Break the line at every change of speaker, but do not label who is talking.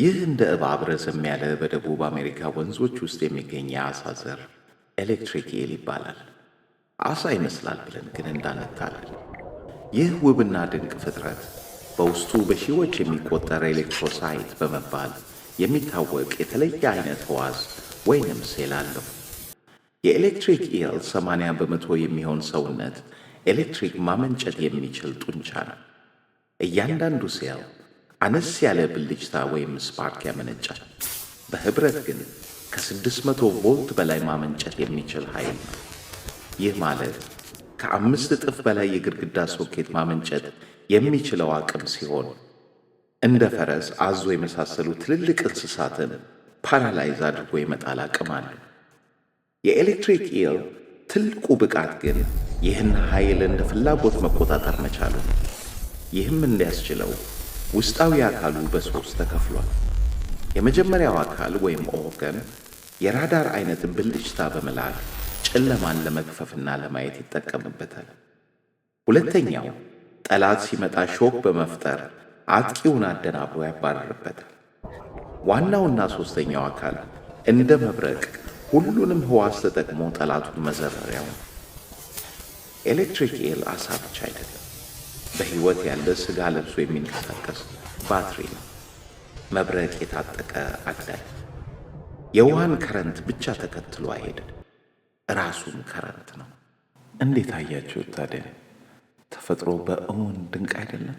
ይህ እንደ እባብ ረዘም ያለ በደቡብ አሜሪካ ወንዞች ውስጥ የሚገኝ የአሳ ዘር ኤሌክትሪክ ኤል ይባላል። አሳ ይመስላል ብለን ግን እንዳንታለል። ይህ ውብና ድንቅ ፍጥረት በውስጡ በሺዎች የሚቆጠር ኤሌክትሮሳይት በመባል የሚታወቅ የተለየ አይነት ህዋዝ ወይንም ሴል አለው። የኤሌክትሪክ ኤል 80 በመቶ የሚሆን ሰውነት ኤሌክትሪክ ማመንጨት የሚችል ጡንቻ ነው። እያንዳንዱ ሴል አነስ ያለ ብልጭታ ወይም ስፓርክ ያመነጫል። በህብረት ግን ከ600 ቮልት በላይ ማመንጨት የሚችል ኃይል ነው። ይህ ማለት ከአምስት እጥፍ በላይ የግድግዳ ሶኬት ማመንጨት የሚችለው አቅም ሲሆን እንደ ፈረስ፣ አዞ የመሳሰሉ ትልልቅ እንስሳትን ፓራላይዝ አድርጎ የመጣል አቅም አለ። የኤሌክትሪክ ኢል ትልቁ ብቃት ግን ይህን ኃይል እንደ ፍላጎት መቆጣጠር መቻሉ። ይህም እንዲያስችለው ውስጣዊ አካሉ በሶስት ተከፍሏል። የመጀመሪያው አካል ወይም ኦርገን የራዳር አይነት ብልጭታ በመላክ ጨለማን ለመግፈፍና ለማየት ይጠቀምበታል። ሁለተኛው ጠላት ሲመጣ ሾክ በመፍጠር አጥቂውን አደናብሮ ያባረርበታል። ዋናውና ሦስተኛው አካል እንደ መብረቅ ሁሉንም ሕዋስ ተጠቅሞ ጠላቱን መዘረሪያው ኤሌክትሪክ ኤል አሳ ብቻ አይደለም። በሕይወት ያለ ሥጋ ለብሶ የሚንቀሳቀስ ባትሪ ነው። መብረቅ የታጠቀ አግዳይ የውሃን ከረንት ብቻ ተከትሎ አይሄድም። ራሱም ከረንት ነው። እንዴት አያችሁት ታዲያ? ተፈጥሮ በእውን ድንቅ አይደለም?